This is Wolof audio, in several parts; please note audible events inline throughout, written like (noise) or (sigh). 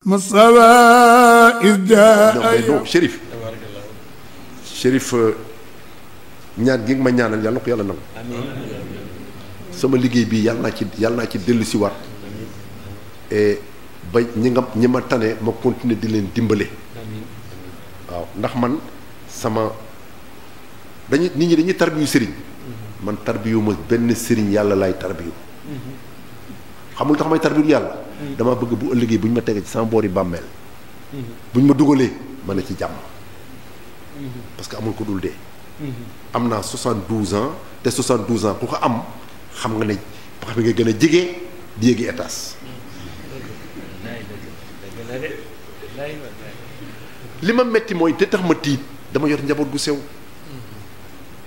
masawa isja donc Chérif Chérif ñaan gi ma ñaanal yàlla na ko yàlla nangu sama liggéey bi yàlla naa ci yàlla naa ci dellu si waat ba ñi nga ñi ma tane ma continuer di leen dimbale waaw ndax man sama dañuy nit ñi dañuy tarbiyu sëriñ mm-hmm. man tarbiyu ma benn sëriñ yàlla laay tarbiyu mm-hmm. xamul tax may tarbiyu yàlla dama bëgg bu ëllëgee bu ñu ma tegee ci sama yi bàmmeel mm-hmm. bu ñu ma dugalee man ne ci jàmm mm-hmm. parce que amul ko dul dee mm-hmm. am naa 72 ans te 72 ans ku ko am xam nga ne xam nga gën a jege di yéegi étage li ma metti mooy te tax ma tiit dama yor njaboot gu sew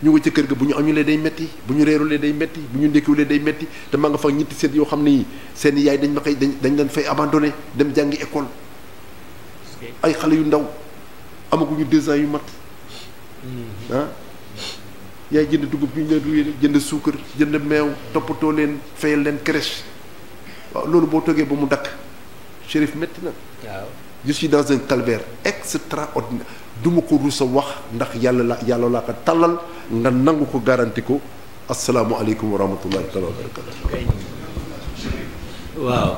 ñu ngi ci kër gi bu ñu añulee day metti bu ñu reerulee day metti bu ñu ndékkiwulee day metti te maa nga fa ñitti seet yoo xam ni seen yaay dañ ma koy dañ leen fay abandonné dem jàngi école ay xale yu ndaw amaguñu deux yu mat mm-hmm. ah yaay jënd dugub bi ñu leen jënd suukar jënd meew toppatoo leen fayal leen crèche loolu boo toogee ba mu dakk Chérif métti na waaw je suis dans un calvaire extraordinaire du ma ko rusa wax ndax yàlla la laa tàllal nga nangu ko garanti ko asalaamualeykum wa rahmatullahi taala wa barakatu waaw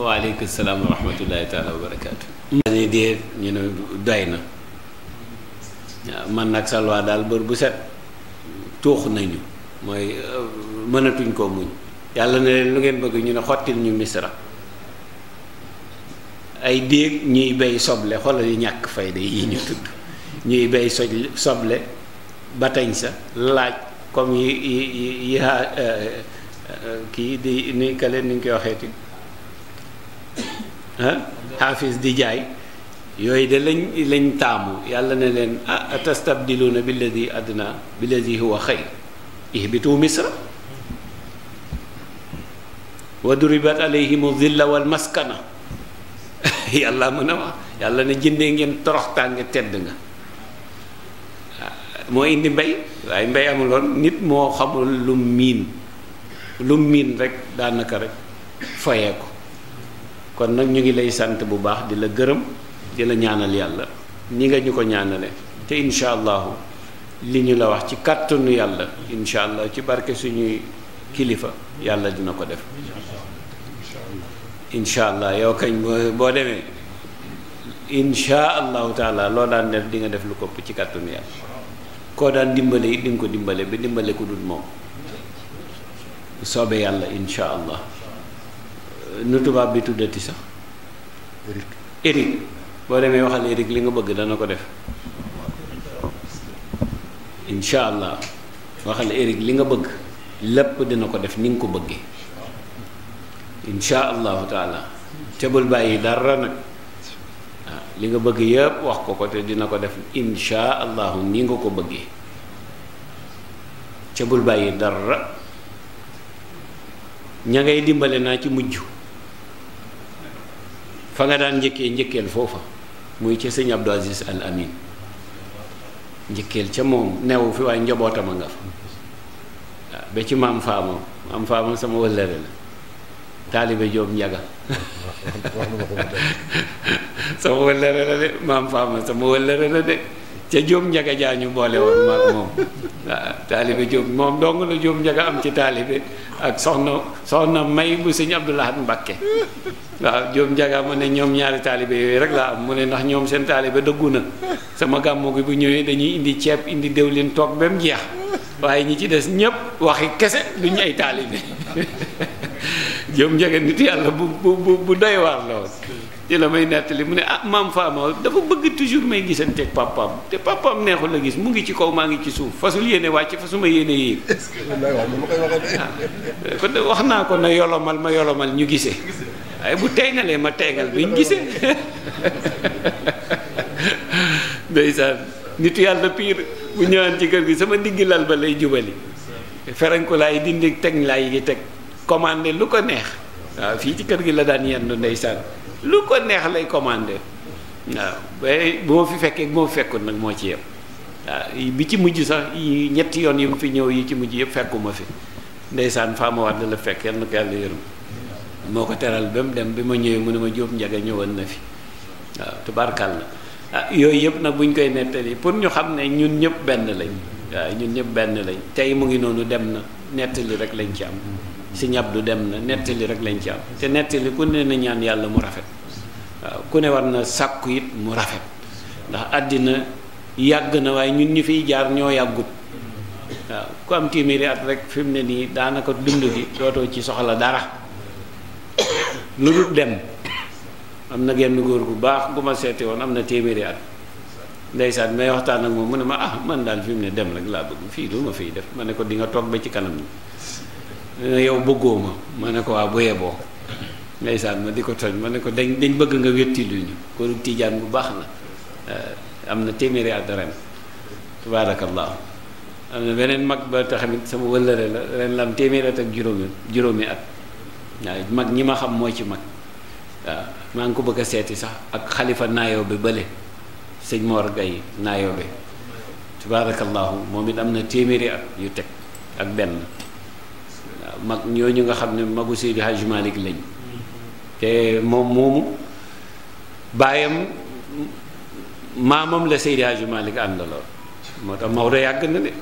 wa rahmatullahi taala wa barakatu dañuy dee ñu ne doy na waaw man nag salwaa daal bër bu set tuux nañu mooy euh, mënatuñ koo muñ yàlla ne leen lu ngeen bëgg ñu ne xottil ñu misra ay déeg ñuy bay soble xoolal yi ñàkk fayda yi ñu tudd ñuy bay soj soble batañ sa laaj comme yi yi yi euh, euh, kii di ni kale ni ñu koy waxeeti xaafis di jaay yooyu de lañ lañ taamu yàlla na leen ah atastabdiluuna billadi adna billadi huwa xayr ihbitu misra wa duribat alayhimu zilla wal maskana (laughs) yàlla mën a wax yàlla na jëndee ngeen toroxtaan nga tedd nga moo indi mbéy waaye mbéy amuloon nit moo xamul lu miin lu miin rek daanaka rek foyee ko kon nag ñu ngi lay sant bu baax di la gërëm di ñaanal yàlla ni nga ñu ko ñaanale te incha allahu li ñu la wax ci kàttanu yàlla incha allah ci barke suñuy kilifa yàlla dina ko def incha allah yow kañ boo demee incha allahu taala loo daan def di nga def lu kopp ci kàttanu yàlla koo daan dimbale yi di nga ko dimbale ba dimbale ku dul moom bu soobee yàlla insha nu tubaab bi tuddati sax Eric boo demee waxal Eric li nga bëgg dana ko def insha allah waxal Eric li nga bëgg lépp dina ko def ni nga ko bëggee insha allahu ca bul bàyyi dara nag li nga bëgg yépp wax ko ko te dina ko def insha allahu ni nga ko bëgge ca bul bàyyi dara ña ngay dimbale naa ci mujj fa nga daan njëkkee njëkkeel foofa muy ca sëñ Abdou Aziz Al Amin njëkkeel ca moom newu fi waaye njobootam a nga fa ba ci maam faamam maam faamam sama wëllëre la taalibe Joob Njaga (laughs) sama wëllëre la de maam Faama sama wëllëre la de ca Joob Njaga jaa ñu boole woon maag moom waaw taalibe Joob moom dong la Joob Njaga am ci taalibe ak soxna soxna May bu sëñ Abdoulahat Mbakke waaw Joob Njaga mu ne ñoom ñaari taalibe yooyu rek laa am mu ne ndax ñoom seen taalibe dëggu na sama gàmmu gi bu ñëwee dañuy indi ceeb indi déwlin toog ba mu jeex waaye ñi ci des ñépp waxi kese duñu ay taalibe (laughs) Jóob Njegen nit yàlla bu bu bu doy waar la woon ci may nettali mu ne ah maam Faama dafa bëgg toujours may gisanteeg papaam te papaam neexul a gis mu ngi ci kaw maa ngi ci suuf fasul yéene wàcc fasuma yéene yéeg (laughs) kon wax naa ko na yolomal ma yolomal ñu gisee waaye bu teengalee ma teengal bi ñu gisee (laughs) ndeysaan nitu yàlla pire bu ñëwaan ci kër gi sama diggi lal ba lay jubali ferenku laay dindi teg laay gi teg commandé lu ko neex waaw fii ci kër gi la daan yendu ndeysaan lu ko neex lay commandé waaw ba bu ma fi fekkee bu ma fi fekkul nag moo ci yem waaw bi ci mujj sax ñetti yoon yi mu fi ñëw yi ci mujj yëpp fekkuma fi ndeysaan Fama Wade la fekk yal ko yàlla yërëm moo ko teral ba mu dem bi ma ñëwee mu ne ma Jóob Njaga ñëwoon na fi waaw tubaarkal la ah yooyu yëpp nag bu ñu koy nettali pour ñu xam ne ñun ñëpp benn lañ waaw ñun ñëpp benn lañ tey mu ngi noonu dem na nettali rek lañ ci am si ñab du dem na nettali rek lañ ci am te nettali ku ne na ñaan yàlla mu rafet waaw ku ne war na sàkku it mu rafet ndax àddina yàgg na waaye ñun ñu fiy jaar ñoo yàggut waaw ku am téeméeri at rek fi mu ne nii daanaka dund gi dootoo ci soxla dara lu dem am na genn góor gu baax gu ma seeti woon am na téeméeri at ndeysaan may waxtaan ak moom mu ne ma ah man daal fi mu ne dem rek laa bëgg fii lu ma fiy def ma ne ko di nga toog ba ci kanam ni ne yow bëggoo ma ma ne ko waa bu yeboo ndeysaan ma di ko toj ma ne ko dañ dañ bëgg nga wétti luñu kooru tiijaan bu baax na eh, am na téeméeri at ren tabaarakallaahu am na beneen mag ba taxamit sama wëllëre la ren la am téeméeri at ak juróomi juróomi at waaw mag ñi ma xam moo ci mag waaw maa ngi ko bëgg a seeti sax ak xalifa naayoo bi bële sëñ Mor Gaye naayoo bi tabaarakallaahu moom it am na téeméeri at yu teg ak benn mag ñooñu nga xam ne magu Seydi Hadj Malick lañ te moom moomu baayam maamam la Seydi Hadj Malick àndaloon moo tax Maodo yàgg na de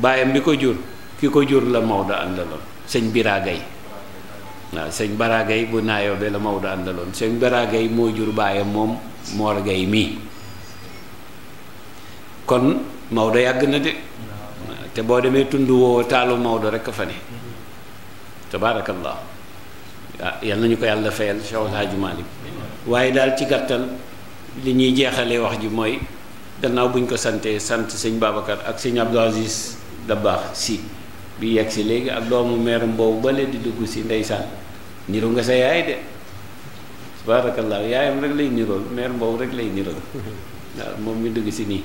baayam bi ko jur ki ko jur la Maodo àndaloon sëñ Biragay waaw sëñ Baragay bu naayoo be la Maodo àndaloon sëñ Baragay moo jur baayam moom Mor Gay mii kon Maodo yàgg na de. te boo demee tund woo taalu Maodo rek fa ne tabaarakallah ah, yal nañu ko yàlla fayal Cheikh El Hadj Malick waaye daal ci gàttal li ñuy jeexale wax ji mooy gannaaw buñ ko santee sant sëñ Babacar ak sëñ Abdou Aziz Dabakh si bi yegg si léegi ak doomu meeram boobu ba leen di dugg si ndeysaan niru nga sa yaay de tabaarakallah yaayam rek lay nirool meer boobu rek lay nirool (laughs) waaw moom mi dugg si nii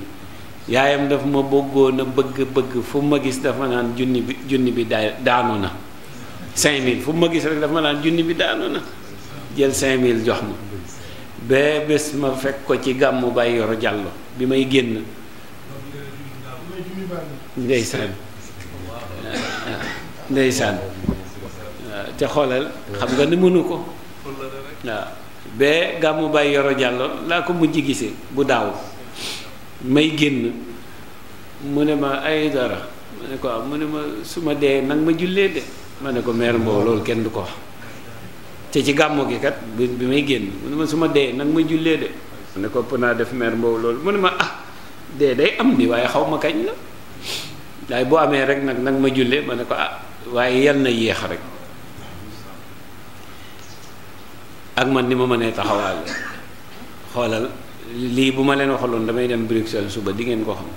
yaayam daf ma bëggoon a bëgg bëgg fu ma gis dafa naan junni bi junni bi daanu na cinq mille fu ma gis rek dafa naan junni bi daanu na jël cinq mille jox ma ba bés ma fekk ko ci gàmmu Baye Yoro Diallo bi may génn ndeysaan ndeysaan te xoolal xam nga ni mënu ko waaw ba gàmmu Baye Yoro Diallo laa ko mujj gisee bu daaw may génn mu ne ma ay dara ma ne ko waaw ah, mu ne ma su ma dee nag ma jullee de ma ne ko meer mboo loolu kenn du ko wax te ci gàmmoo gi kat bi bi may génn mu ne ma su ma dee nag ma jullee de ma ne ko ëpp naa def meer mboo loolu mu ne ma ah dee day am di waaye xaw ma kañ la waaye boo amee rek nag nag ma jullee ma ne ko ah waaye yal na yéex rek ak man ni ma mënee taxawaale xoolal lii bu ma leen waxaloon damay dem Bruxelles suba di ngeen ko xam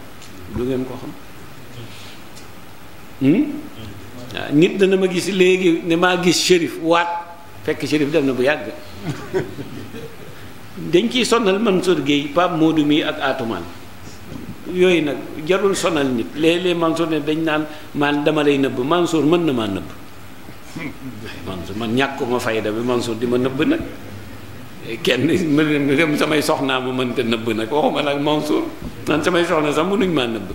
du ngeen ko xam waaw hmm? ah, nit dana ma gis léegi ne maa gis shérif waat fekk shérif dem na bu yàgg dañ ciy sonal Mansour Guèye Pape moodu mi ak Atoumane yooyu nag jarul sonal nit léeg-léeg Mansour ne dañ naan man dama lay nëbb Mansour mën na maa nëbb (laughs) Mansour man ñàkkuma fayda bi Mansour di ma nëbb nag kenn samay soxnaa bu mënta nëbb nag waxuma nag Mansour man samay soxna sax mënuñ maa nëbb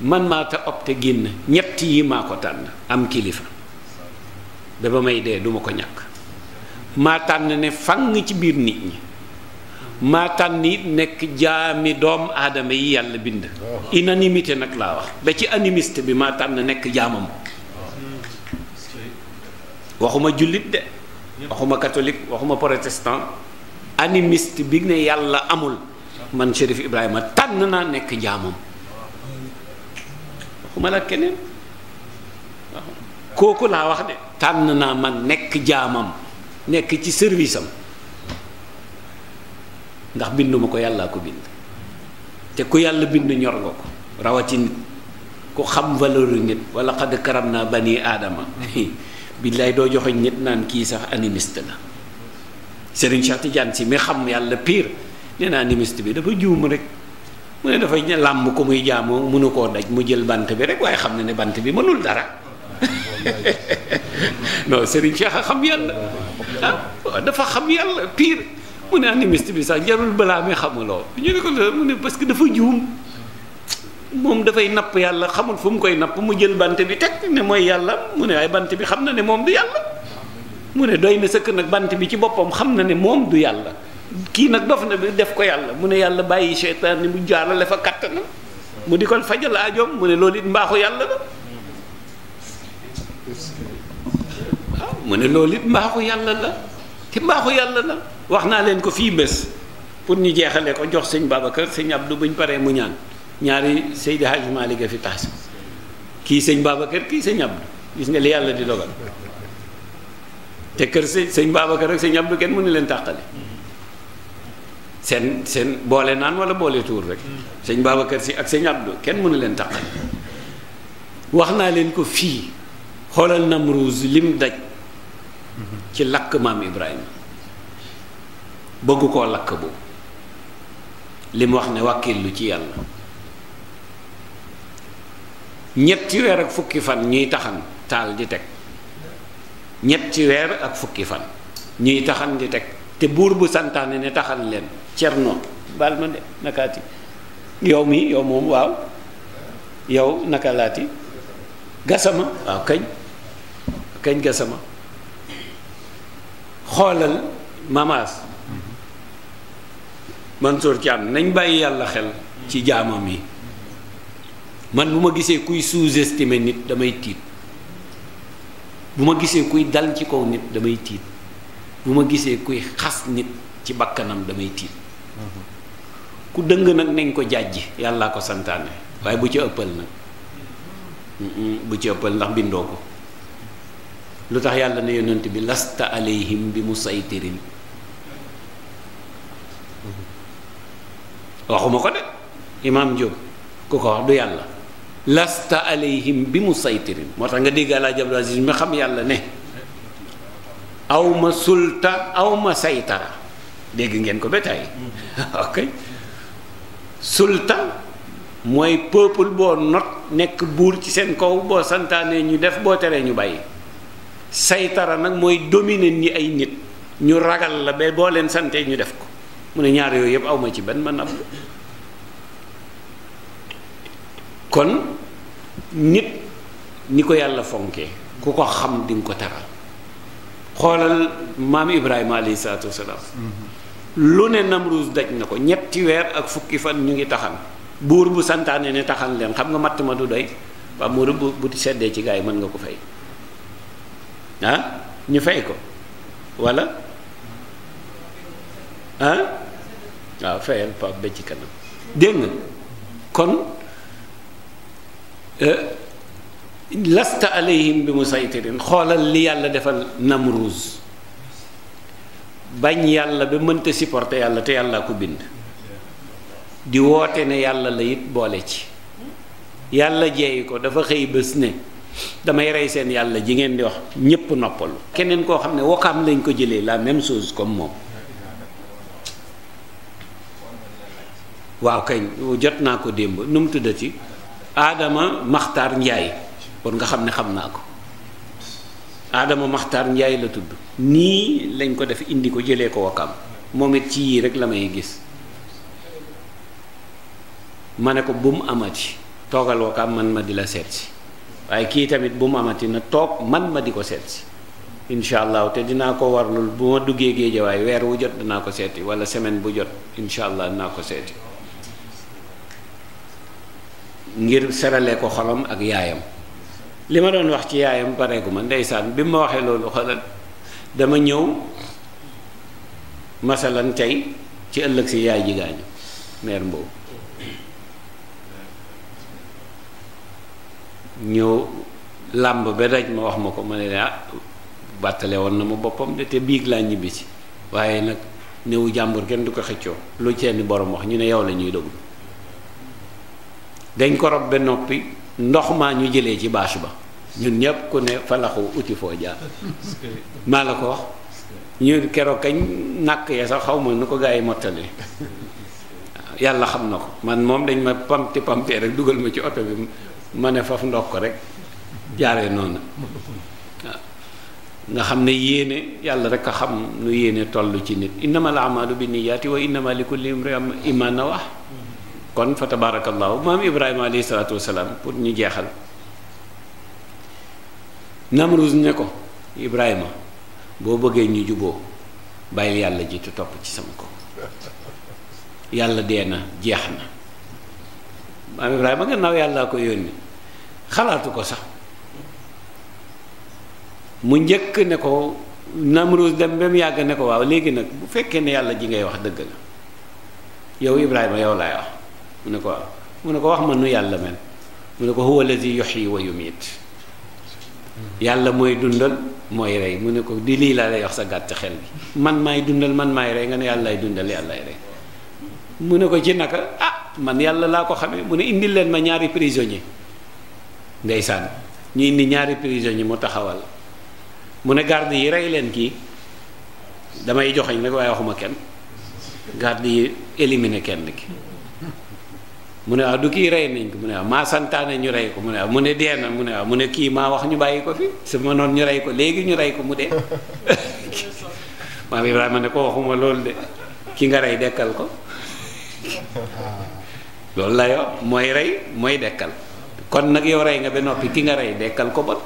man maa te opté génn ñett yi maa ko tànn am kilifa ba ba may dee duma ko ñàkk maa tànn ne fang ci biir nit ñi maa tànn it nekk jaami doom aadama yi yàlla bind unanimité nag laa wax ba ci animiste bi maa tànn nekk jaamam hmm. waxuma jullit de waxuma catholique waxuma protestant animiste bi ne yàlla amul man Chérif ibraahima tànn naa nekk jaamam waxuma la keneen kooku laa wax de tànn naa man nekk jaamam nekk ci service ndax binduma ko yàllaa ko bind te ku yàlla bind ñorgo nga ko rawati nit ku xam valeur nit wala xadd karam naa bani aadama (laughs) billaay doo joxoñ nit naan kii sax animiste la Serigne Cheikh Tidiane si mi xam yàlla piir nee na animiste bi dafa juum rek mu ne dafay làmb ko muy jaamoo mënu koo daj mu jël bant bi rek waaye xam na ne bant bi mënul dara (laughs) non Serigne Cheikh a xam yàlla ah dafa xam yàlla piir mu ne animiste bi sax jarul balaa mi xamuloo ñu ne ko la mu ne parce dafa juum. moom dafay napp yàlla xamul fu mu koy napp mu jël bant bi teg ne mooy yàlla mu ne ay bant bi xam na ne moom du yàlla mu ne doy na sëkk nag bant bi ci boppam xam na ne moom du yàlla kii nag dof na bi def ko yàlla mu ne yàlla bàyyi seytaan ni mu jaarale fa kattanam mu di ko fajal aajoom mu ne loolu it mbaaxu yàlla la ah, mu ne loolu it mbaaxu yàlla la te mbaaxu yàlla la wax naa leen ko fii bés pour ñu jeexale ko jox sëñ Babacar sëñ Abdou buñ paree mu ñaan ñaari Seydi Hadji Malick a fi tax kii sëñ Babacar kii sëñ Abdou gis nga li yàlla di dogal te kër sëñ sëñ Babacar ak sëñ Abdou kenn mënu leen tàqale seen seen boole naan wala boole tuur rek sëñ Babacar si ak sëñ Abdou kenn mënu leen tàqale wax naa leen ko fii xoolal Namruus lim daj ci lakk maam Ibrahima bëgg koo lakk boobu li wax ne wàkkil lu ci yàlla ñetti weer ak fukki fan ñuy taxan taal di teg ñetti weer ak fukki fan ñuy taxan di teg te buur bu santaane ni taxan leen cerno baal ma de nakaati yow mi yow moom waaw yow nakalaati gasama waaw kañ kañ gasama xoolal mamaas mhm. Mansour Thiam nañ bàyyi yàlla xel ci jaamam yi man bu ma gisee kuy sous nit damay tiit bu ma gisee kuy dal ci kaw nit damay tiit bu ma gisee kuy xas nit ci bakkanam damay tiit ku dëng nag nañ ko jàjji yàllaa ko santaane waaye bu ci ëppal nag bu ci ëppal ndax bindoo ko lu tax yàlla na yonent bi lasta alayhim bi musaytirin waxuma ko de imaam Diop ku ko wax du yàlla lasta alayhim bi mu musaytirin moo tax nga dégg Alaaji Abdul Aziz xam yàlla ne awma sulta awma saytara dégg ngeen ko ba tey (laughs) ok sulta mooy peuple boo not nekk buur ci seen kaw boo santaanee ñu def boo teree ñu bàyyi saytara nag mooy dominer ni ay nit ñu ragal la ba boo leen santee ñu def ko mu ne ñaar yooyu yëpp awma ci benn man ab kon nit ni ko yàlla fonke ku ko xam di ko teral xoolal maam Ibrahima alayhi salaatu wasalaam mm-hmm. lu ne Namruus daj na ko ñetti weer ak fukki fan ñu ngi taxan buur bu santaane ne taxal leen xam nga matt ma du doy waaw mu bu seddee ci gars mën nga ko fay ah ñu fay ko wala ah waaw fayal pap ba kanam dégg kon. lasta alayhim bi musaytirin xoolal li yàlla defal namruus bañ yàlla ba mënta supporter yàlla te yàlla ko bind di woote ne yàlla la it boole ci yàlla jeey ko dafa xëy bés ne damay rey seen yàlla ji ngeen di wax ñépp noppalu keneen koo xam ne wokkaam lañ ko jëlee la même chose comme moom waaw kañ jot naa ko démb nu mu tuddati aadama Maxtaar Njaay kon nga xam ne xam naa ko aadama maxtar Njaay la tudd nii lañ ko def indi ko jëlee ko wakam moom it ci yii rek la may gis ma ne ko bu mu amati toogal wakam man ma di la seet si waaye kii tamit bu mu amati na toog man ma di ko seet si incha allah te dinaa ko warlul bu ma duggee géej géejawaay weer wu jot dinaa ko seeti wala semaine bu jot incha allah dinaa ko seeti ngir serale ko xolam ak yaayam li ma doon wax ci yaayam pareegu ma ndeysaan bi ma waxee loolu xolal dama ñëw masalan tey ci ëllëg si yaay ji gaañu meer Mbow ñëw làmb ba daj ma wax ma ko ma ne ah bàttale woon na ma boppam de te biig laa ñibbisi waaye nag néewu jàmbur kenn du ko xëccoo lu seen borom wax ñu ne yow la ñuy déglu dañ ko rob ba noppi ndox maa ñu jëlee ci bâche ba ñun ñëpp ku ne falaxu uti foo jaar maa la ko wax ñun keroog kañ nàkk ya sax xaw ma nu ko gaa yi mottale yàlla xam na ko man moom dañ ma pamti pamtee rek dugal ma ci oto bi ma ne faf ndox ko rek jaaree noonu nga xam ne yéene yàlla rekk a xam nu yéene toll ci nit innama al amalu bi niyaati wa innama li kulli imri iman na wax kon fa tabaarakallaahu maam ibrahima alayhi salaatu wasalaam pour ñu jeexal namrus ne ko ibrahima boo bëggee ñu juboo bàyyil yàlla jiitu topp ci sama kaw yàlla dee na jeex na maam ibrahima gannaaw yàllaa ko yónni xalaatu ko sax mu njëkk ne ko namrus dem ba mu yàgg ne ko waaw léegi nag bu fekkee ne yàlla ji ngay wax dëgg la yow ibrahima yow laay wax mu ne ko mu ne ko wax ma nu yàlla mel mu ne ko huwa allazi yuhyi wa yumiit yàlla mooy dundal mooy rey mu ne ko di lii laa lay wax sa gàtt xel bi man maay dundal man maay rey nga ne yàllaay dundal yàllaay rey mu ne ko ci naka ah man yàlla laa ko xamee mu ne indil leen ma ñaari prisonnier ndeysaan ñu indi ñaari prisonnier mu taxawal mu ne garde yi rey leen kii damay joxeñ rek waaye waxuma kenn garde yi éliminer kenn ki mu ne waaw ah, du kii rey nañ ko mu ne waaw ah, maa santaane ñu rey ko mu ne waaw ah, mu ne dee na mu ne waaw mu ne kii maa wax ñu bàyyi ko fi su ma noon ñu rey ko léegi ñu rey ko mu dee (laughs) maam Ibrahima ne ko waxuma loolu de ki nga rey dekkal ko (laughs) loolu la yo mooy mooy dekkal kon nag yow rey nga ba noppi ki nga rey dekkal ko bon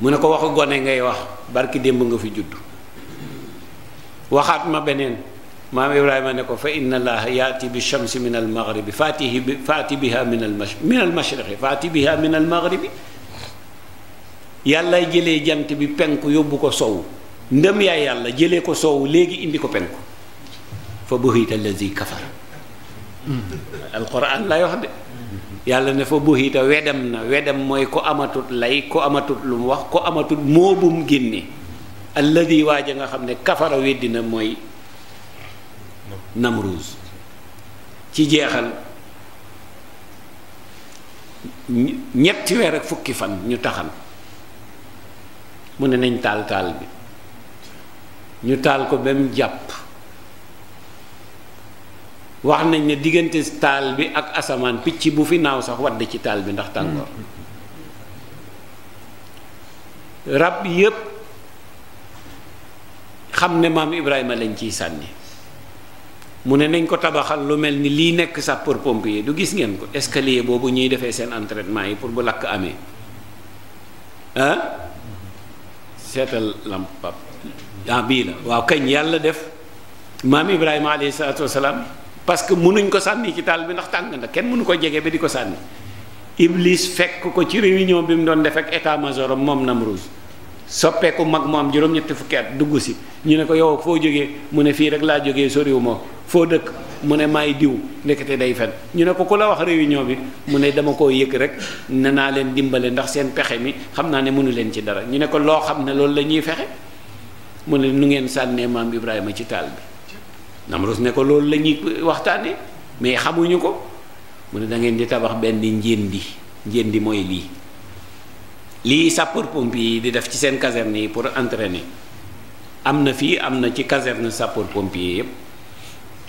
mu ne ko waxu gone ngay wax barki démb nga fi juddu waxaat ma beneen maam Ibrahima ne ko fa inna allaha yaati bi shamsi min al maghribi bi faati biha min al mash min al faati biha min al yàlla jëlee jant bi penk yóbbu ko sow ndëm yaay yàlla jële ko sow léegi indi ko penk fa buhita allazi kafar hmm. alquran lay wax de yàlla ne fa buhita wedam na wedam mooy ko amatut lay ko amatut lu mu wax ko amatut moobum génne alladi waaja nga xam ne kafara weddi na mooy Namruus ci jeexal ñetti weer fukki fan ñu taxan mu ne nañ taal taal bi ñu taal ko ba mu jàpp wax nañ ne diggante taal bi ak asamaan picc bu fi naaw sax wadd ci taal bi ndax tàngoor rab yépp xam ne maam Ibrahima lañ ciy sànni mu ne nañ ko tabaxal lu mel ni lii nekk sapeur pompier du gis ngeen ko escalier boobu ñuy defee seen entraînement yi pour bu lakk amee ah seetal lamp pap ah, bii la waaw kañ yàlla def maam Ibrahima alayhi salaatu wasalaam parce que mënuñ ko sànni ci taal bi ndax tàng na kenn mënu ko jege ba di ko sànni Iblis fekk ko ci réunion bi mu doon def ak état masoro moom Namrouz soppeeku mag mu am juróom-ñetti fukki at dugg si ñu ne ko yow foo jógee mu ne fii rek laa jógee soriwu ma foo dëkk mu ne maay diw ndekete day fen ñu ne ko ku la wax réunion bi mu ne dama koo yëg rek ne naa leen dimbale ndax seen pexe mi xam naa ne mënu leen ci dara ñu ne ko loo xam ne loolu la ñuy fexe mu ne nu ngeen sànnee maam Ibrahima ci taal bi Namrus ne ko loolu la ñuy waxtaanee mais xamuñu ko mu ne dangeen di tabax benn njéendi njéendi mooy lii lii sapeur pompier yi di def ci seen caserne yi pour entraîner am na fii am na ci caserne sapeur pompier yépp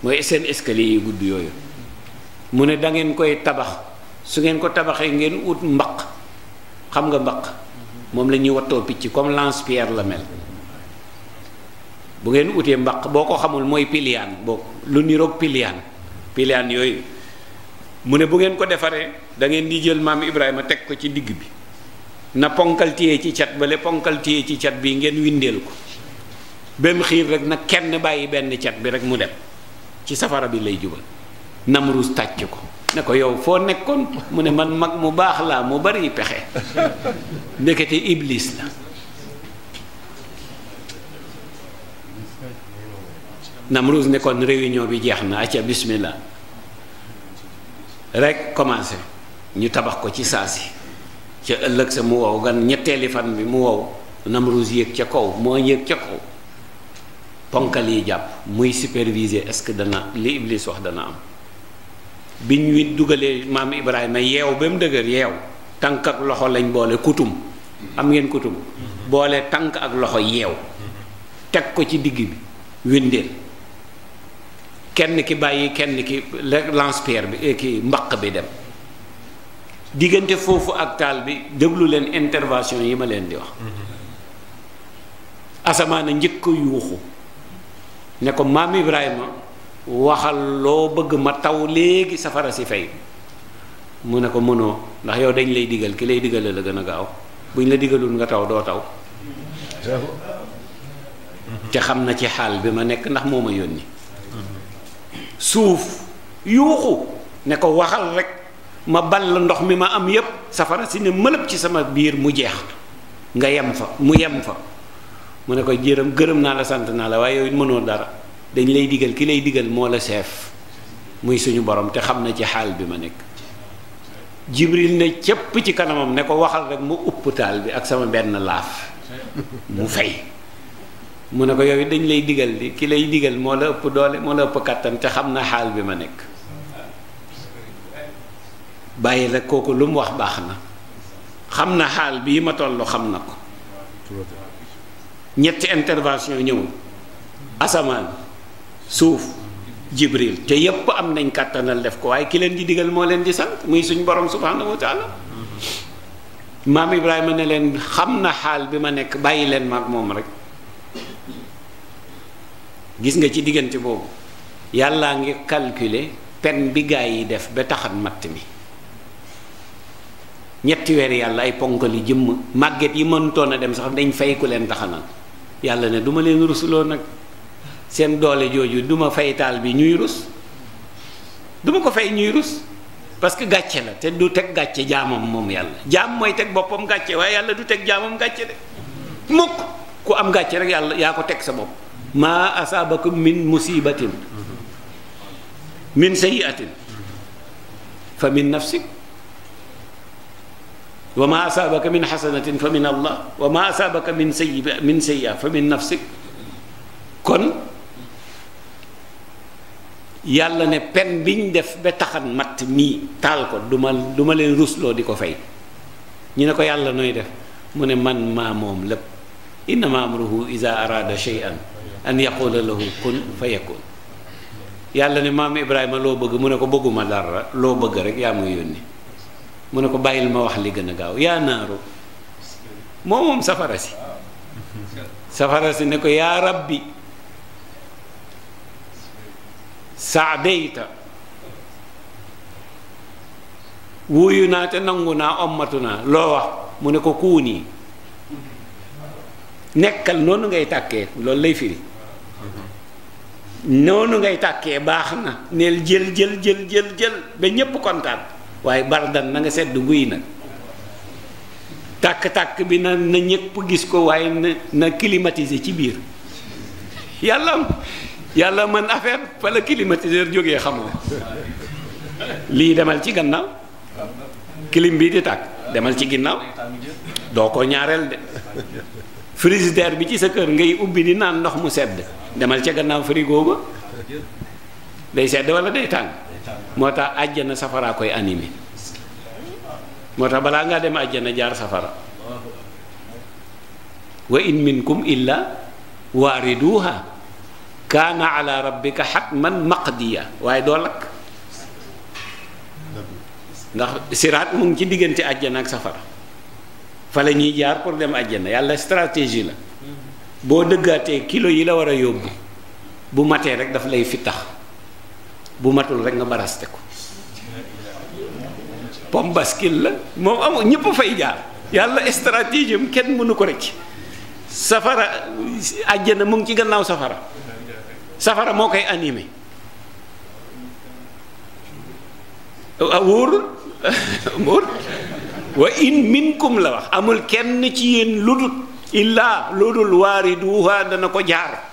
mooy seen escalier yu gudd yooyu mu ne dangeen koy tabax su ngeen ko tabaxee ngeen ut mbaq xam nga mbaq moom lañuy ñuy wattoo picc comme lance-pierre la mel bu ngeen utee mbaq boo ko xamul mooy piliyaan boo lu niroog piliyaan piliyaan yooyu mu ne bu ngeen ko defaree da ngeen di jël maam Ibrahima teg ko ci digg bi na ponkal ci cat bale ponkal téye ci cat bii ngeen windeel ko benn xiir rek na kenn bàyyi benn cat bi rek mu dem ci safara bi lay jubal namruus tàcc ko ne ko yow foo nekkoon mu ne man mag mu baax laa mu bari pexe ndekete iblis la namruus ne kon bi jeex na acca bismillah rek commencé ñu tabax ko ci saa si ca ëllëg sa mu wow gan ñetteeli fan bi mu wow namruus yéeg ca kaw moo yéeg ca kaw ponkal yi jàpp muy superviser est-ce que dana li Iblis wax dana am bi ñuy dugalee maam Ibrahima yeew ba mu dëgër yeew tànk ak loxo lañ boole kutum am ngeen kutum boole tànk ak loxo yeew teg ko ci digg bi windeel kenn ki bàyyi kenn ki lance-pierre bi eh, ki mbaq bi dem diggante foofu ak taal bi déglu leen intervention yi ma leen di wax mm-hmm. asamaan a njëkk a yuuxu ne ko maam Ibrahima waxal loo bëgg ma taw léegi safara si fay mu ne ko mënoo ndax yow dañ lay digal ki lay digale la gën a gaaw buñ la digalul nga taw doo taw te xam na ci xaal bi ma nekk ndax moo ma yónni suuf yuuxu ne ko waxal rekk ma ball ndox mi ma am yépp safara si ne mëlëb ci sama biir mu jeex nga yem fa mu yem fa mu ne ko jërëm gërëm naa la sant naa la waaye yow mënoo dara dañ lay digal ki lay digal moo la seef muy suñu borom te xam na ci xaal bi ma nekk jibril ne cëpp ci kanamam ne ko waxal rek mu upp taal bi ak sama benn laaf mu fay mu ne ko yow dañ lay digal di ki lay digal moo la ëpp doole moo la ëpp kàttan te xam na xaal bi ma nekk bàyyi rek kooku lu mu wax baax na xam na xaal bii ma tollu xam na ko ñetti intervention ñëwul asamaan suuf jibril te yépp am nañ kàttanal def ko waaye ki leen di digal moo leen di sant muy suñ borom subhanahu wa taala maam ibrahima ne leen xam na xaal bi ma nekk bàyyi leen mag moom rek gis nga ci diggante boobu yàllaa ngi calculer pen bi gaa yi def ba taxat matt mi ñetti weer yàlla ay ponkal yi jëmm màgget yi mënutoon a dem sax dañ fay ku leen taxanal yàlla ne duma leen rusloo nag seen doole jooju duma fay taal bi ñuy rus duma ko fay ñuy rus parce que gàcce la te du teg gàcce jaamam moom yàlla jaam mooy teg boppam gàcce waaye yàlla du teg jaamam gàcce de mukk ku am gàcce rek yàlla yaa ko teg sa bopp maa asaabakum min musibatin min sayiatin fa min nafsik wa ma asaabaka min xasanatin fa min allah wa ma min sayyi min sayya fa min nafsik kon yàlla ne pen biñ def ba taxan matt mii taal ko du ma du ma di ko fay ñu ne ko yàlla nooy def mu ne man maa moom lépp innama amruhu iza arada shay'an an yaqula lahu kun fa yakun yàlla ne maam ibrahima loo bëgg mu ne ko bëgguma dara loo bëgg rek yaa muy yónni mu ne ko bàyyil ma wax li gën a gaaw yaa naaru moo moom safara si safara si ne ko yaa rabbi saadeyta wuuyu naa te nangu naa ommatu naa loo wax mu ne ko kuuni nekkal noonu ngay tàkkee loolu lay firi noonu ngay tàkkee baax na neel jël jël jël jël jël ba kontaan waaye bardan na nga sedd guy nag tàkk-tàkk bi na na ñëpp gis ko waaye na na ci biir yàlla yàlla man affaire fa la jóge xam xamoo lii demal ci gannaaw kilim bi di tàkk demal ci ginnaaw doo ko ñaareel de frigidaire bi ci sa kër ngay ubbi di naan ndox mu sedd demal ca gannaaw frigo ba day sedd wala day tànk moo tax àjjana safaraa koy animé moo tax balaa ngaa dem àjjana jaar safara wa in minkum illa waariduha kaana ala rabbika xatman maqdiya waaye doo lakk ndax siraat mu ngi ci diggante àjjana ak safara fa la ñuy jaar pour dem àjjana yàlla stratégie la boo dëggaatee kilo yi la war a yóbbu bu matee rek daf lay fittax bu matul rekk nga baraste ko pom baskil la moom amul ñëpp fay jaar yàlla stratégie kenn mënu ko rëcc safara àjjana mu ci gannaaw safara safara moo koy anime wóorul (laughs) wóor wa in minkum la wax amul kenn ci yéen ludul illaa ludul waariduha dana ko jaar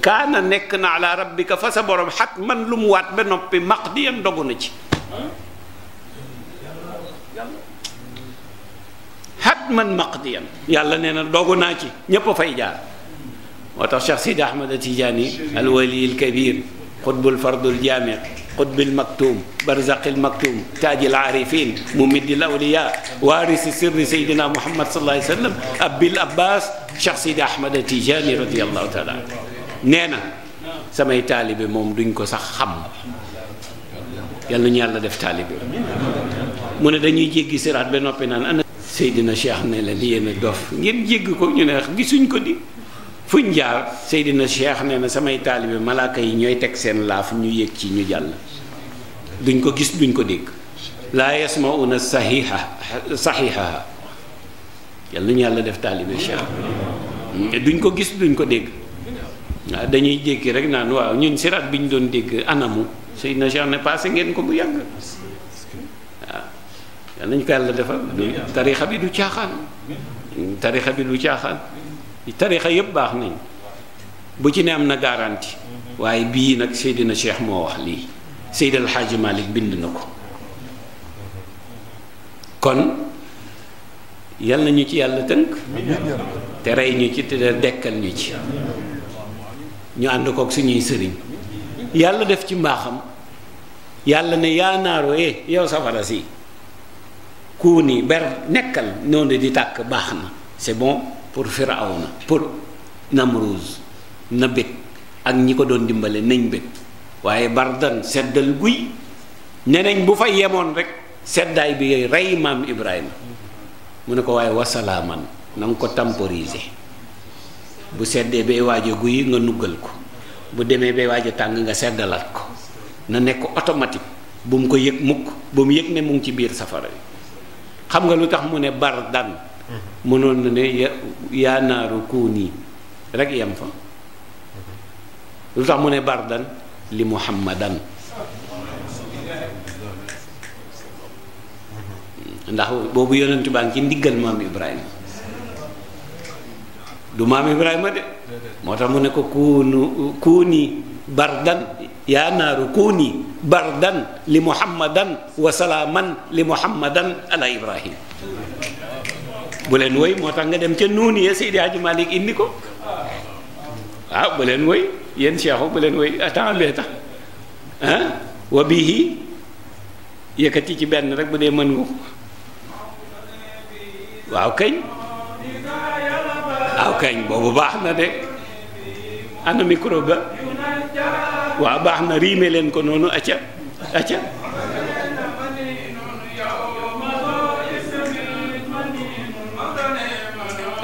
kaana nekk na ala rabbika fa sa borom xat man lu mu waat ba noppi maqdiyan dogu na ci xat man maqdiyan yàlla nee na dogu naa ci ñépp a fay jaar moo tax Cheikh Sidi Ahmad Tijaani alwali alkabir xutbul fardul jaami xutbil maktum barzaqil maktum taajil aarifin mumidil awliya waarisi sirri sayyidina Muhammad sallallahu alayhi wa sallam abil abbas Cheikh Sidi Ahmad Tijaani radiyallahu taala nee na samay taalibe moom duñ ko sax xam yal nañu yàlla def taalibe mu ne dañuy jéggi seraat ba noppi naan ana Seydina Cheikh ne leen yéen a dof ko ñu ne ko di fuñ jaar Seydina Cheikh nee na samay taalibe malaaka yi ñooy teg seen laaf ñu yéeg ci ñu jàll duñ ko gis duñ ko dégg laa yasmauna saxiixa saxiixa yal nañu yàlla def taalibe Cheikh duñ ko gis duñ ko dégg Ah, dañuy jékki rek naan waaw ñun siraat bi ñu doon dégg anamu sëy na jeex ne passé ngeen ko bu yàgg waaw ah, yal nañu ko yàlla defal du tarixa bi du caaxaan tarixa bi du caaxaan tarixa yépp baax nañ bu ci ne am na garantie waaye bii nag Seydina Cheikh moo wax lii Seydi El Hadji Malick bind na ko kon yal nañu ci yàlla tënk te rey ñu ci te dekkal ñu ci ñu ànd kook suñuy sëriñ yàlla def ci mbaaxam yàlla ne yaa naaroo eh yow safara si kuu ni ber nekkal noonu di tàkk baax na c'est bon pour Firawna pour Namruz na bég ak ñi ko doon dimbale nañ bég waaye bardan seddal guy neneñ bu fa yemoon rek seddaay bi rey maam Ibrahima mu ne ko waaye wasalaaman na nga ko temporiser bu seddee bay waaj a guyi nga nuggal ko bu demee bay waaj tàng nga seddalaat ko na nekk automatique bu mu ko yëg mukk bu mu yëg ne mu ci biir safara bi xam nga lu tax mu ne bar dan mënoon na ne yaa yem fa lu tax mu ne bar dan li muhammadan ndax boobu yonentu baa ngi ci ndiggal maam Ibrahima du maam Ibrahima de moo tax mu ne ko kuunu kuuni bardan yaa naaru kuuni bardan li muhammadan wa salaaman li muhammadan ala ibrahim bu leen woy moo tax nga dem ca nuuni ya Seydi Hadji Malick indi ko waaw ah, bu leen woy yéen cheikhu bu leen woy attends lee tax ah wa bihi yëkkati ci benn rek bu dee mën nga ko waaw kañ kañ boobu baax na de ana micro ba waaw baax na riime leen ko noonu acca acca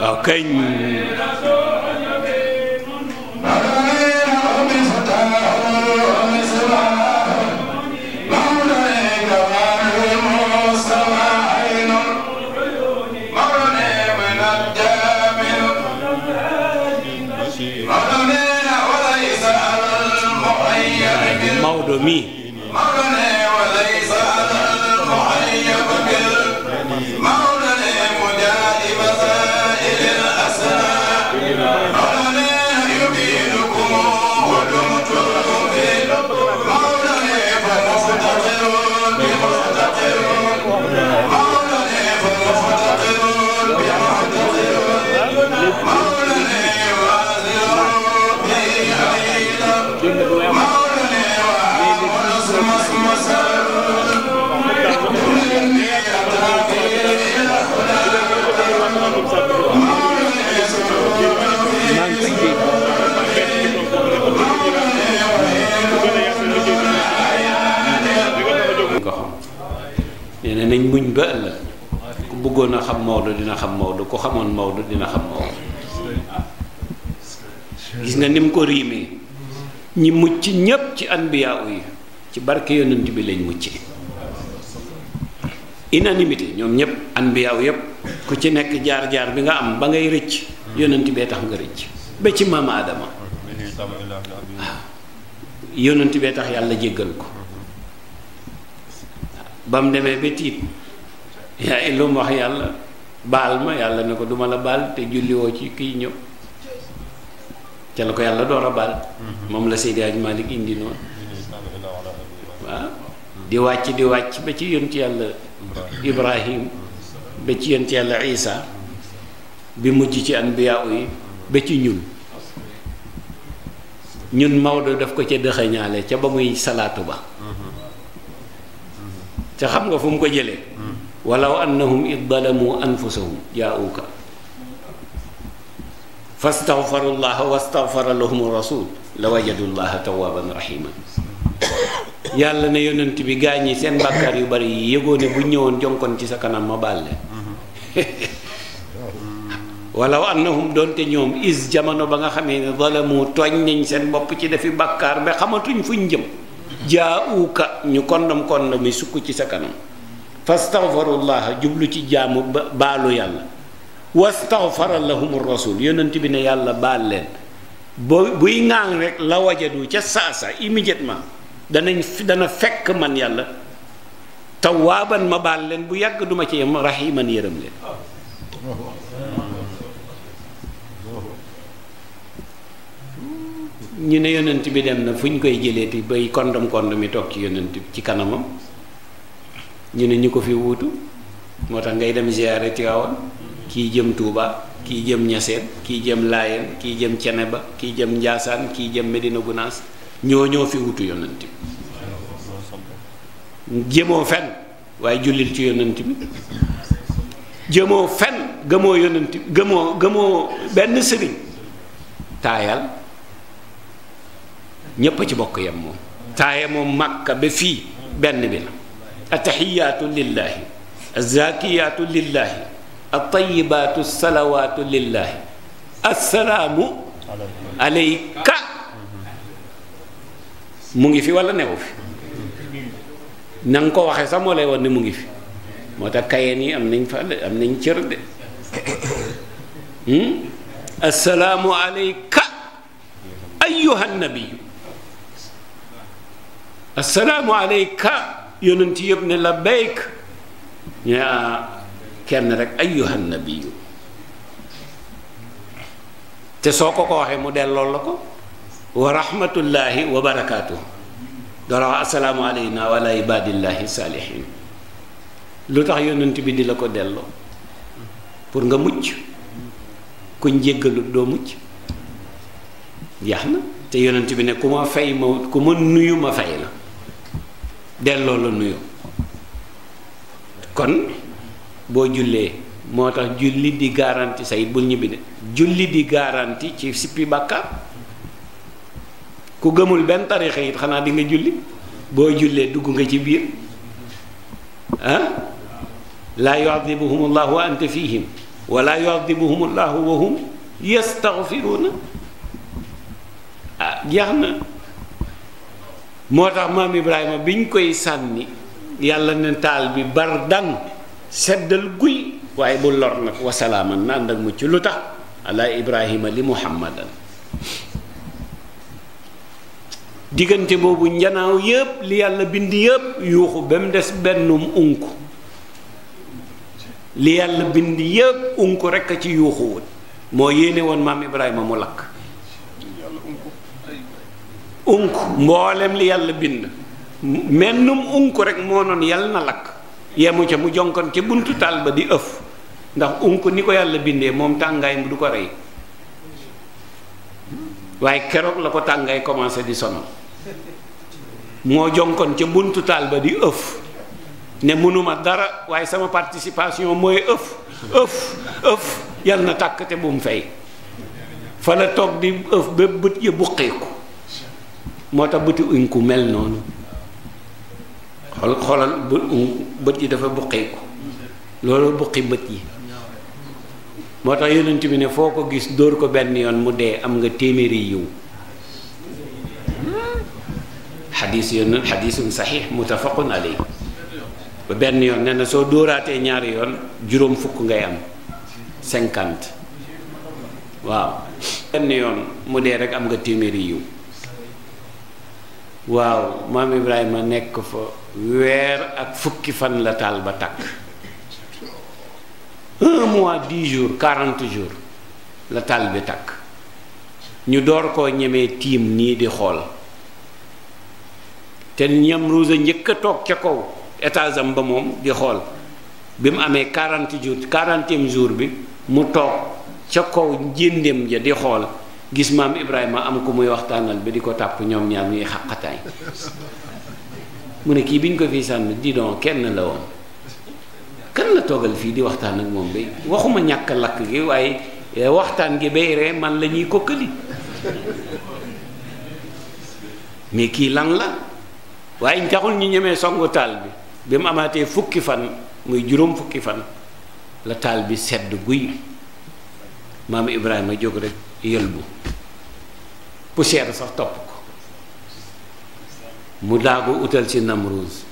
waaw kañ Abdo mii nañ muñ ba ëllëg ku bëggoon a xam Maodo dina xam Maodo ku xamoon Maodo dina xam Maodo gis nga ni ko riimee ñi mucc ñépp ci anbiya yi ci barke yonent bi lañ mucc unanimité ñoom ñépp anbiya yépp ku ci nekk jaar-jaar bi nga am ba ngay rëcc yonent bee tax nga rëcc ba ci maam Aadama waaw yonent bee tax yàlla jéggal ko ba mu demee ba tiit yaa lu mu wax yàlla baal ma yàlla ne ko duma la baal te julliwoo ci kii ñëw ca la ko yàlla door a baal mhm. moom la Seydi Aj Malik indi noonu waaw mhm. di wàcc di wàcc ba ci yonent yàlla Ibrahim mhm. ba ci yonent yàlla Isa bi mujj ci anbiya yi ba ci ñun ñun Maodo daf ko ca dëxëñaale ca ba muy salaatu ba te xam nga fu mu ko jëlee walaw annahum id dalamu anfusahum jaauka fastaxfaru llaha wastaxfara lahum rasul la wajadu llaha tawaaban rahiman yàlla na yonent bi gaa ñi seen bàkkaar yu bari yi yëgoo ne bu ñëwoon jonkoon ci sa kanam ma baal leen (laughs) walaw annahum doonte ñoom is jamono ba nga xamee ne dalamu tooñ nañ seen bopp ci defi bàkkaar ba xamatuñ fuñ jëm jaauka ñu kondam kondam sukk ci sa kanam fastaghfarullaha jublu ci jaamu baalu yàlla wastaghfara lahum rasul yonent bi ne yàlla baal leen bo buy ŋaaŋ rek la wajadu ca saasa immédiatement danañ dana fekk man yàlla tawaaban ma baal leen bu yàgg duma ci yem rahiman yërëm leen ñu ne yonent bi dem na fu ñu koy jëleeti bay kondom kondom mi toog ci yonent bi ci kanamam ñu ne ñu ko fi wuutu moo tax ngay dem ziyaare Tiwaawan kii jëm Touba kii jëm Ñaseen kii jëm Laayeen kii jëm Ceneba kii jëm Njaasaan kii jëm Medina Gunaas ñoo ñoo fi wutu yonent bi jëmoo fen waaye jullil ci yonent bi jëmoo fen gëmoo yonent bi gëmoo benn sëriñ taayal ñépp ci bokk yem moom taaye moom màkka ba fii benn bi la ataxiyaatu lillaahi azaakiyaatu lillaahi atayibaatu salawaatu lillaahi assalaamu aleyka mu ngi fi walla newu fi na ko waxee sax moo lay won mu ngi fi moo tax kayeen yi am nañ fa am nañ cër de hmm? assalaamu aleyka ayyuhan nabiyu assalaamu alayka yonent yëpp ne labbayk ñu kenn rek ayyuhan nabiyyu te soo ko ko waxee mu delloo la ko wa rahmatullahi wa barakaatuh dara wax assalaamu alayna wa ala ibadillahi lu tax yonent bi di la ko delloo pour nga mucc ku jéggalut doo mucc jeex na te yonent bi ne ku ma fay ma ku ma nuyu ma fay la delloo la nuyu kon boo jullee moo tax julli di garanti sayit bul ñibbi de julli di garanti ci sippi bàkkaar ku gëmul benn tarixa it xanaa dinga julli boo jullee dugg nga ci biir ah laa yuadibuhum allahu wa anta fihim wala yuadibuhum allahu wa hum yastaxfiruuna ah na moo tax maam Ibrahima biñ koy sànni yàlla na taal bi bar dang seddal guy waaye bu lor nag wasalaaman na ànd ak mucc lu tax ala Ibrahima li muhammadan diggante boobu njanaaw yépp li yàlla bind yépp yuuxu ba mu des bennum unku li yàlla bind yépp unku rekk a ci yuuxu wut moo yéene woon maam Ibrahima mu lakk unk mboolem li yàlla bind mennum unk rek moo noon yàlla na lakk yemu ca mu jonkon ca buntu taal ba di ëf ndax unk ni ko yàlla bindee moom tàngaay mu du ko rey waaye keroog la ko tàngaay commencé di sonal moo jonkon ca buntu taal ba di ëf ne mënuma dara waaye sama participation mooy ëf ëf ëf yal na tàkk te bu mu fay fa la toog di ëf ba bët ya buqeeku moo tax bëti uñ ku mel noonu xool xoolal bët uñ bët yi dafa buqi ko loolu buqi bët yi moo tax yonent bi ne foo ko gis dóor ko benn yoon mu dee am nga téeméeri yiw xadiis yoon xadiisun saxiix muttafaqun alayhi ba benn yoon nee na soo dóoraatee ñaari yoon juróom fukk ngay am cinquante waaw benn yoon mu dee rek am nga téeméeri yiw waaw maam Ibrahima nekk fa weer ak fukki fan la taal ba takk un mois dix jours quarante jours la taal bi takk ñu door koo ñemee tiim nii di xool te ñam ruuse njëkk a toog ca kaw étage am ba moom di xool bi mu amee quarante jours quarantième jour bi mu toog ca kaw njëndem ja di xool gis maam Ibrahima am ko muy waxtaanal ba di ko tàpp ñoom ñaar ñuy xaqataay mu ne kii bi ñu ko fii sànni di kenn la woon kan la toogal fii di waxtaan ak moom bay waxuma ñàkk lakk gi waaye eh, waxtaan gi bay ree man la ñuy kokkali mais kii lan la waaye ñu taxul ñu ñemee songu taal bi bi mu amaatee fukki fan muy juróom fukki fan la taal bi sedd guy maam Ibrahima jóg rek. yëlbu poussière sax topp ko mu daagu utal ci namruus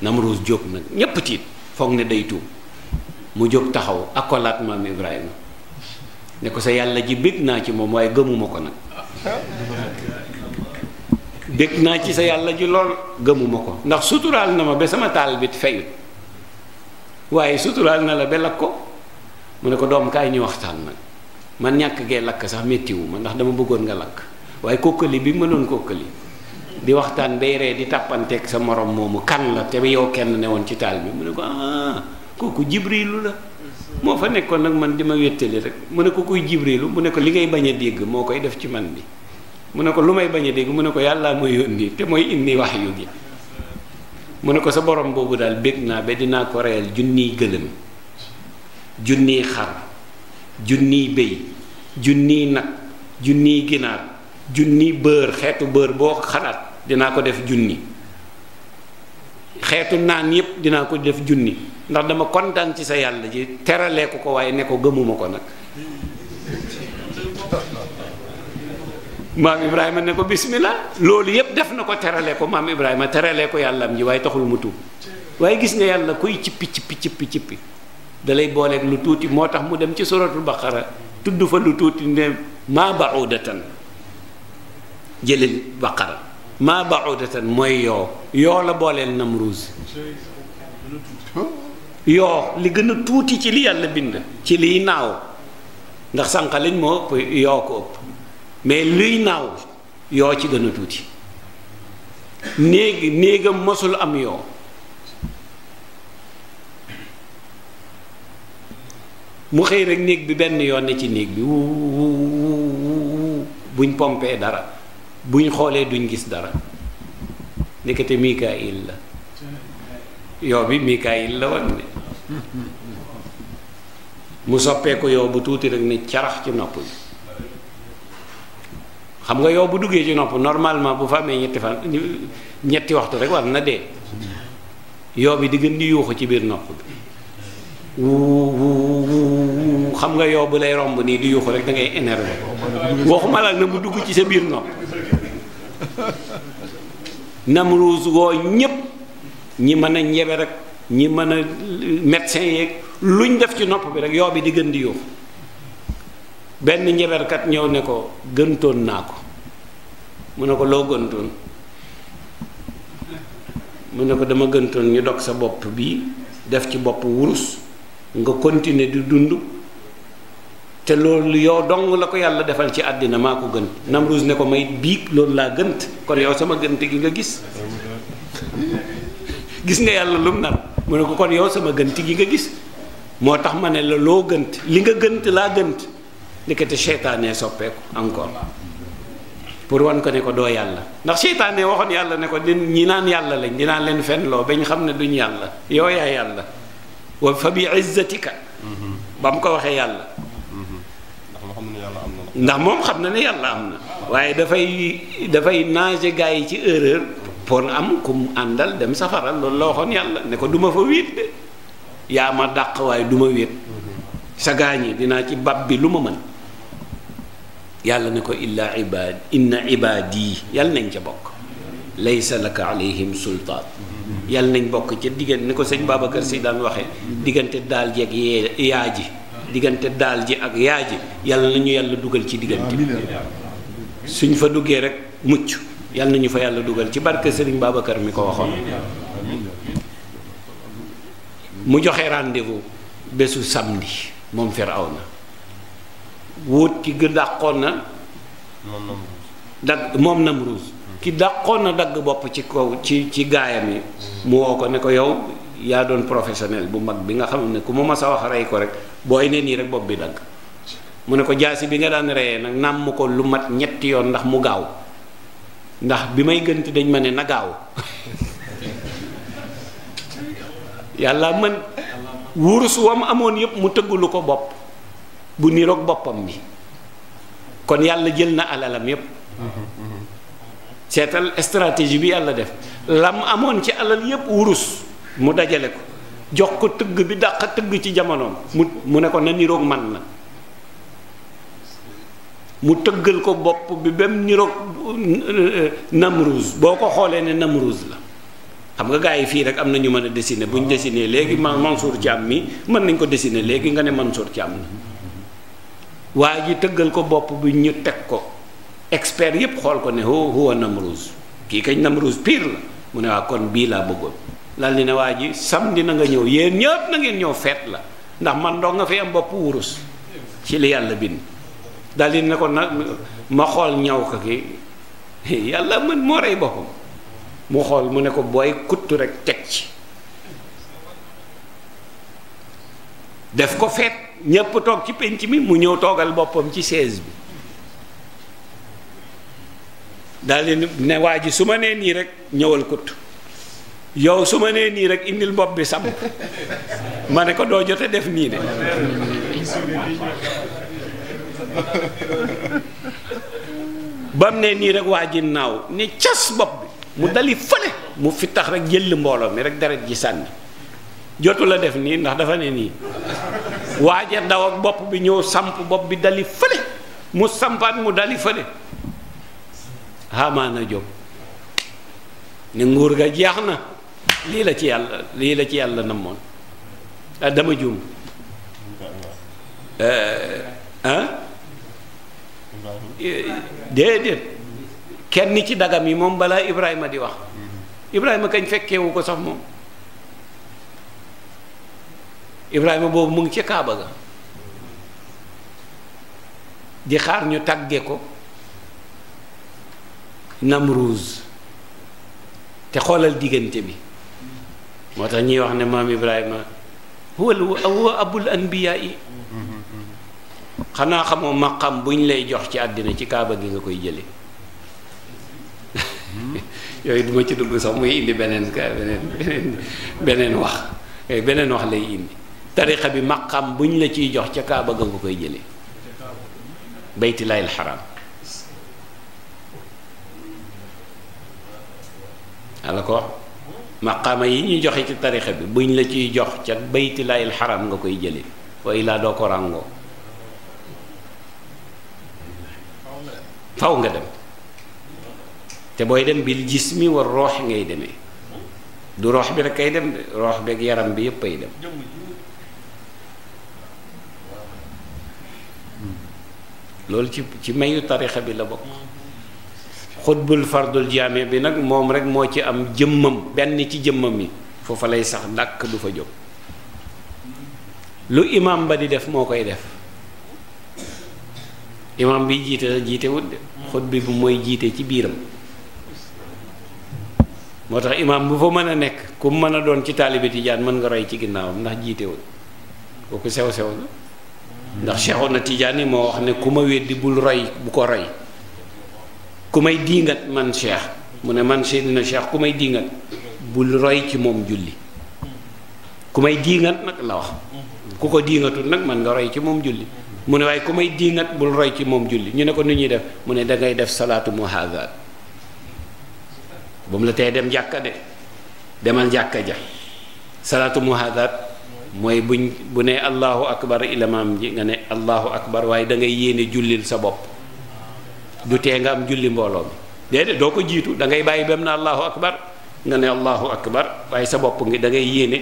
namruus jóg nag ñépp tiit foog ne day tuub mu jóg taxaw akolaat maam Ibrahima ne ko sa yàlla ji bég naa ci moom waaye gëmuma ko nag bég naa ci sa yàlla ji lool gëmuma ko ndax suturaal na ma ba sama taal bit feyut waaye suturaal na la ba lakk ko mu ne ko doom kaay ñu waxtaan nag man ñàkk gee lakk sax méttiwu ma ndax dama bëggoon nga lakk waaye kokkali bi mënoon kokkali di waxtaan bay ree di tàppanteeg sa morom moomu kan la te yow kenn ne woon ci taal bi mu ne ko ah kooku jibrilu la moo fa nekkoon nag man di ma wéttali rek mu ne ko kuy jibrilu mu ne ko li ngay bañ a dégg moo koy def ci man bi mu ne ko lu may bañ a dégg mu ne ko yàlla mooy yónni te mooy indi wax yu gi mu ne ko sa borom boobu daal bég naa ba dinaa ko reyal junniy gëlëm junniy xar junniy béy junniy nag junniy ginaar junni bër xeetu bër boo xalaat dinaa ko def junni xeetu naan yépp dinaa ko def junni ndax dama kontaan ci sa yàlla ji terale ko ko waaye ne ko gëmuma ko nag maam Ibrahima ne ko bismillah loolu yépp def na ko terale ko maam Ibrahima terale ko yàllam ji waaye taxul mu tuub waaye gis nga yàlla kuy cippi cippi cippi cippi dalay booleeg lu tuuti moo tax mu dem ci suratul baqara tudd fa lu tuuti ne maa baudatan jëlal baqara maa baudatan mooy yoo yoo la booleel namruus yoo li gën a tuuti ci li yàlla bind ci liy naaw ndax sànq lañ moo ëpp yoo ko ëpp mais luy naaw yoo ci gën a tuuti néeg néegam mosul am yoo mu xëy rek néeg bi benn yoon ne ci néeg bi buñ pompee dara buñ xoolee duñ gis dara ndekete Mikaayil la yow bi Mikaayil la woon ne mu soppeeku yow bu tuuti rek ne carax ci nopp bi xam nga yow bu duggee ci nopp normalement bu fa amee ñetti fan ñetti waxtu rek war na dee yow bi di gën di yuuxu ci biir nopp bi wu xam nga yow bu lay romb nii di yuuxu rek da ngay énervé waxuma na mu dugg ci sa biir nopp namruus woo ñépp ñi mën a ñebe rek ñi mën a médecin yeeg luñ def ci nopp bi rek yoo bi di gën di yuuxu benn njeberkat ñëw ni ko gëntoon naa ko mu ne ko loo gëntoon mun ne ko dama gëntoon ñu dog sa bopp bi def ci bopp wurus nga continuer du dund te loolu yow dong la ko yàlla defal ci àddina maa ko gën Namruus ne ko may biig loolu laa gënt kon yow sama gënt gi nga gis gis nga yàlla lum nar mu ne ko kon yow sama gënt gi nga gis moo tax ma ne la loo gënt li nga gënt laa gënt ndekete seytaane soppeeku encore pour wan ko ne ko doo yàlla ndax seytaane waxoon yàlla ne ko ñi naan yàlla lañ di dinaa leen fenloo ba ñu xam ne duñ yàlla yow yàlla wa fa bi izzatika ba mu ko waxee yàlla ndax moom xam na ne yàlla am na waaye dafay dafay naage gars yi ci erreur pour am ku mu àndal dem safara loolu la waxoon yàlla ne ko duma fa wéet de yaa ma dàq waaye duma wéet sa gaañi dinaa ci bab bi lu ma mën yàlla ne ko illa ibaad inna ibaadi yàlla nañ ca bokk laysa laka alayhim sultaan yàlla nañ bokk ca diggante ni ko sëñ Babacar si daan waxee diggante daal ji ak yee yaa ji diggante daal ji ak yaa ji yàlla nañu yàlla dugal ci diggante suñ fa duggee rek mucc yal nañu fa yàlla dugal ci barke sëriñ Babacar mi ko waxoon mu joxe rendez-vous bésu samedi moom Firawna wóot ki gën dàqoon na. moom Namruus. moom ki dàqoon na dagg bopp ci kaw ci ci gaayam yi mu woo ko ne ko yow yaa doon professionnel bu mag bi nga xam ne ku mu ma sa wax rey ko rek booy ne nii rek bopp bi dagg mu ne ko jaasi bi nga daan reyee nag nàmm ko lu mat ñetti yoon ndax mu gaaw ndax bi may gënt dañ ma ne na gaaw (laughs) yàlla man wurus wam amoon yépp mu tëggulu ko bopp bu niroog boppam bi kon yàlla jël na alalam yépp mm-hmm. seetal stratégie bi yàlla def lam amoon ci alal yépp wurus mu dajale ko jox ko tëgg bi dàq tëgg ci jamonoom mu mu ne ko na niroog man na mu tëggal ko bopp bi ba mu niroog euh, namruus boo ko xoolee ne namruus la xam nga gars yi fii rek am na ñu mën a dessiner bu ñu dessiner léegi ma ci am mi mën nañ ko dessiner léegi nga ne Mansour Thiam la waa ji tëggal ko bopp bi ñu teg ko expert yëpp xool ko ne ho huwa namruus kii kañ namruus pire la mu ne waa kon bii laa bëggoon lal ni ne waa ji samedi na nga ñëw yéen ñëpp na ngeen ñëw feet la ndax man doo nga fi am bopp wurus ci li yàlla bind daldi di ne ko nag ma xool ñaw ko ki (laughs) yàlla mën moo rey boppam mu xool mu ne ko booy kutt rek teg ci def ko feet ñépp toog ci pénc mi mu ñëw toogal boppam ci chaise bi daal di ne waa ji su ma nee nii rek ñëwal kutt yow su ma nee nii rek indil bopp bi sàmm ma ne ko doo jote def nii de ba mu ne nii rek waa ji naaw ni cas bopp bi mu dali fële mu fi tax rek jël mbooloo mi rek deret ji sànni jotu la def nii ndax dafa ne nii waaja daw ak bopp bi ñëw samp bopp bi dali fële mu sampaat mu dali fële Haamaan a ni nguur ga jeex na lii la ci yàlla lii la ci yàlla namoon ah, dama juum eh, ah eh, déedéet kenn ci dagam yi moom balaa Ibrahima di wax Ibrahima kañ fekkewu ko sax moom Ibrahima boobu mu ngi ci Kaaba ga di xaar ñu tàgge ko namruuz te xoolal diggante bi moo tax ñuy wax ne maam Ibrahima huwa huwa abul anbiyaa yi xanaa xamoo maqam bu ñu lay jox ci àddina ci kaaba gi nga koy jële (laughs) yooyu duma ci dugg sax muy indi beneen beneen beneen wax yooyu eh, beneen wax lay indi tarixa bi maqam bu ñu la ciy jox ca kaaba ga nga koy jële baytilaayil xaram yàlla ko maqaama yi ñu joxe ci tarixa bi buñ la ciy jox ca baytilaayil xaram nga koy jële wa laa doo ko ràngoo faw nga dem te booy dem bil jismi war roox ngay demee du roox bi rek kay dem de roox beeg yaram bi yépp ay dem loolu ci ci mayu tarixa bi la bokk xutbul fardul jaame bi nag moom rek moo ci am jëmmam benn ci jëmmam yi foofa lay sax dàkk du fa jóg lu imam ba di def moo koy def imam bi jiite sa jiite wut de xut bi bu mooy jiite ci biiram moo tax imam bu fa mën a nekk ku mën a doon ci taalibe tijaan mën nga roy ci ginnaawam ndax jiite wut kooku sew sew la ndax Seexuna Tijaan yi moo wax ne ku ma weddi bul roy bu ko roy ku may diingat man cheikh mu ne man na cheikh ku may diingat bul roy ci moom julli ku may diingat nag la wax ku ko diingatul nag man nga roy ci moom julli mu ne waaye ku may diingat bul roy ci moom julli ñu ne ko nu ñuy def mu ne da ngay def salaatu muhazaat bu mu la tey dem jàkka de demal jàkka ja salaatu muhazaat mooy buñ bu ne allahu akbar ilamaam ji nga ne allahu akbar waaye da ngay yéene jullil sa bopp du tee nga am julli mbooloo mi déedéet doo ko jiitu da ngay bàyyi bem na allahu akbar nga ne allahu akbar waaye sa bopp ngi dangay ngay yéene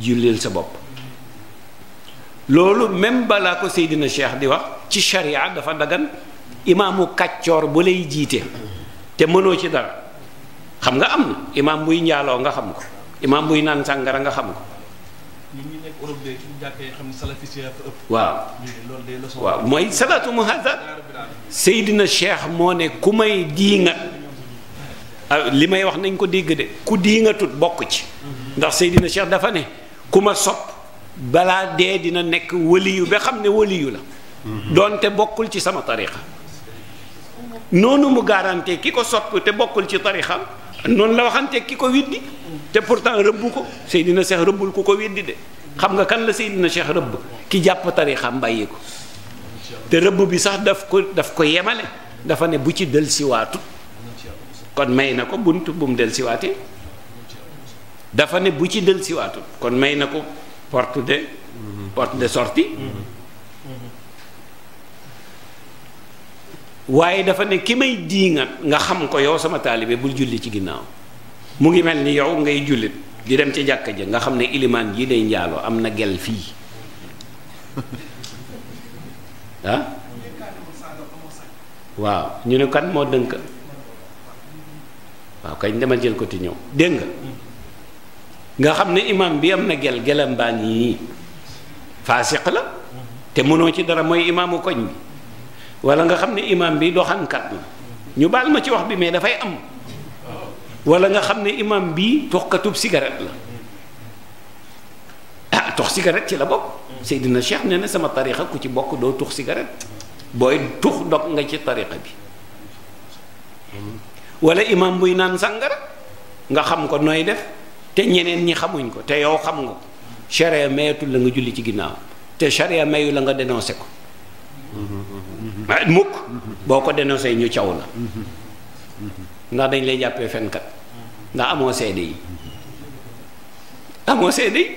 jullil sa bopp loolu même balaa ko dina Cheikh di wax ci sharia dafa dagan imaamu kàccoor bu lay jiite te mënoo ci dara xam nga am na imaam buy njaaloo nga xam ko imaam buy naan sàngara nga xam ko Europe de suñu jàkkee xam ne salafis waaw waaw mooy salaatu mu hada Seydina Cheikh moo ne ku may diingat ah, li may wax nañ ko dégg de ku diingatut bokk ci. ndax Seydina Cheikh dafa ne ku ma sopp balaa dee dina nekk waliyu ba xam ne waliyu la. doonte bokkul ci sama tarixa noonu mu garanti ki ko sopp te bokkul ci tarixam noonu la waxante ki ko weddi te pourtant rëbbu ko Seydina Cheikh rëbbul ku ko weddi de xam nga kan la dina Cheikh rëbb ki jàpp tarixam bàyyi ko te rëbb bi sax daf ko daf ko yemale dafa ne bu ci del siwaatut kon may na ko bunt bu mu del dafa ne bu ci del siwaatut kon may na ko porte de porte de sortie waaye dafa ne ki may diingat nga xam ko yow sama taalibe bul julli ci ginnaaw mu ngi mel ni yow ngay jullit di dem ci jàkk ja nga xam ne ilimaan yi day njaaloo am na gel fii (laughs) ah? waaw ñu ne kan moo dënk waaw kañ demal jël ko ti ñëw dégg nga nga xam ne imam bi am na gel gelam baa ngi faasiq la te mënoo ci dara mooy imaamu koñ bi wala nga xam ne imaam bii doxankat la ñu baal ma ci wax bi mais dafay am wala nga xam ne imaam bi toxkatub cigarette la ah tox cigarette ci la bokk Seydina Cheikh nee ne sama tarixa ku ci bokk doo tux cigarette booy tux dog nga ci tarixa bi wala imaam buy naan sàngara nga xam ko nooy def te ñeneen ñi xamuñ ko te yow xam nga ko charia mayatul la nga julli ci ginnaaw te charia mayu la nga dénoncé ko mm-hmm, mm-hmm. ah mukk boo ko dénoncé ñu caw la ndax dañ lay jàppee fenkat ndax amoo seede yi amoo seede yi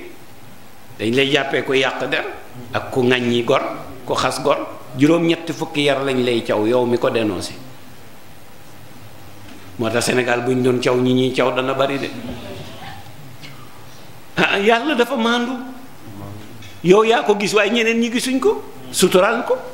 dañ lay jàppee ku yàq der ak ku ŋàññi gor ku xas gor juróom-ñetti fukki yar lañ lay caw yow mi ko dénoncé moo tax Sénégal buñ doon caw ñi ñuy caw dana bari de ah, yàlla dafa màndu yow yaa ko gis waaye ñeneen ñi gisuñ ko sutural ko